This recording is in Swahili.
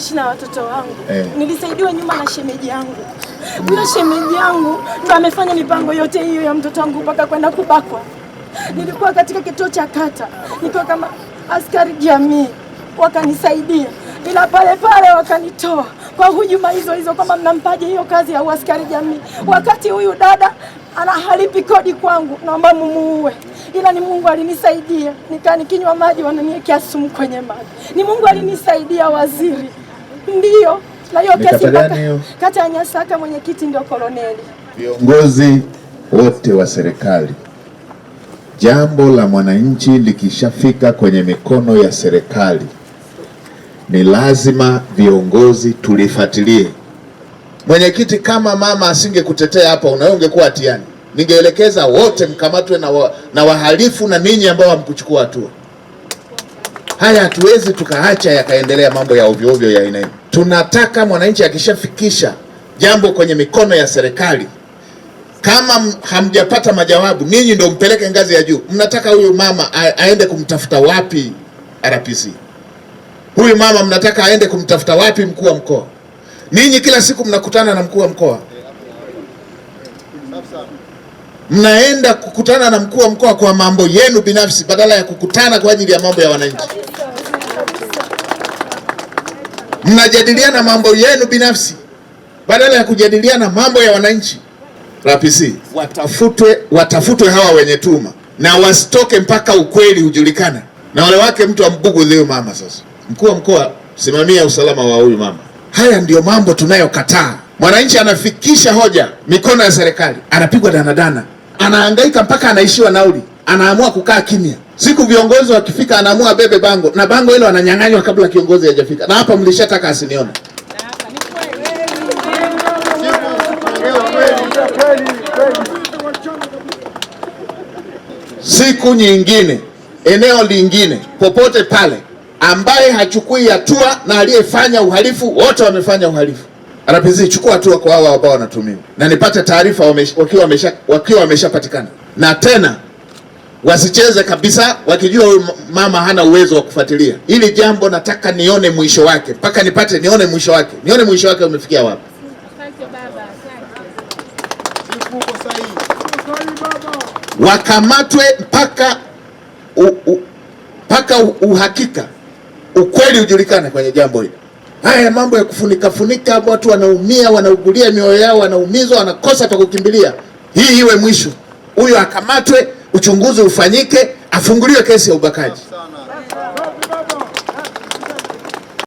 naishi na watoto wangu eh. Nilisaidiwa nyuma na shemeji yangu huyo mm. Shemeji yangu ndo amefanya mipango yote hiyo ya mtoto wangu mpaka kwenda kubakwa. Nilikuwa katika kituo cha kata nikiwa kama askari jamii, wakanisaidia ila pale pale wakanitoa kwa hujuma hizo hizo, kama mnampaje hiyo kazi ya uaskari jamii wakati huyu dada ana halipi kodi kwangu, naomba mumuue. Ila ni Mungu alinisaidia, nikaa nikinywa maji wananiwekea sumu kwenye maji. Ni Mungu alinisaidia waziri ndio na hiyo kesi kata ya Nyasaka, mwenyekiti ndio koloneli. Viongozi wote wa serikali, jambo la mwananchi likishafika kwenye mikono ya serikali ni lazima viongozi tulifuatilie. Mwenyekiti, kama mama asingekutetea hapa, unawe ungekuwa hatiani. Ningeelekeza wote mkamatwe na, wa, na wahalifu na ninyi ambao hamkuchukua hatua. Haya hatuwezi tukaacha yakaendelea mambo ya ovyo ovyo ya aina Tunataka mwananchi akishafikisha jambo kwenye mikono ya serikali, kama hamjapata majawabu, ninyi ndio mpeleke ngazi ya juu. Mnataka huyu mama aende kumtafuta wapi RPC? Huyu mama mnataka aende kumtafuta wapi mkuu wa mkoa? Ninyi kila siku mnakutana na mkuu wa mkoa, mnaenda kukutana na mkuu wa mkoa kwa mambo yenu binafsi, badala ya kukutana kwa ajili ya mambo ya wananchi mnajadiliana mambo yenu binafsi badala ya kujadiliana mambo ya wananchi. RPC watafutwe, watafutwe hawa wenye tuma na wasitoke mpaka ukweli ujulikana, na wale wake mtu ambughudhi huyu mama. Sasa mkuu wa mkoa, simamia usalama wa huyu mama. Haya ndiyo mambo tunayokataa. Mwananchi anafikisha hoja mikono ya serikali, anapigwa danadana, anahangaika mpaka anaishiwa nauli, anaamua kukaa kimya. Siku viongozi wakifika, anaamua bebe bango na bango hilo ananyang'anywa kabla kiongozi hajafika, na hapa mlishataka asiniona. Siku nyingine, eneo lingine, popote pale, ambaye hachukui hatua na aliyefanya uhalifu, wote wamefanya uhalifu. RPC, chukua hatua kwa hawa ambao wanatumia, na nipate taarifa wakiwa wameshapatikana wakiwa na tena wasicheze kabisa, wakijua huyu mama hana uwezo wa kufuatilia hili jambo. Nataka nione mwisho wake, mpaka nipate nione mwisho wake, nione mwisho wake umefikia wapi. Wakamatwe mpaka mpaka uhakika, ukweli ujulikane kwenye jambo hili. Haya mambo ya kufunika funika, watu wanaumia, wanaugulia mioyo yao, wanaumizwa, wanakosa pa kukimbilia. Hii iwe mwisho, huyo akamatwe uchunguzi ufanyike, afunguliwe kesi ya ubakaji.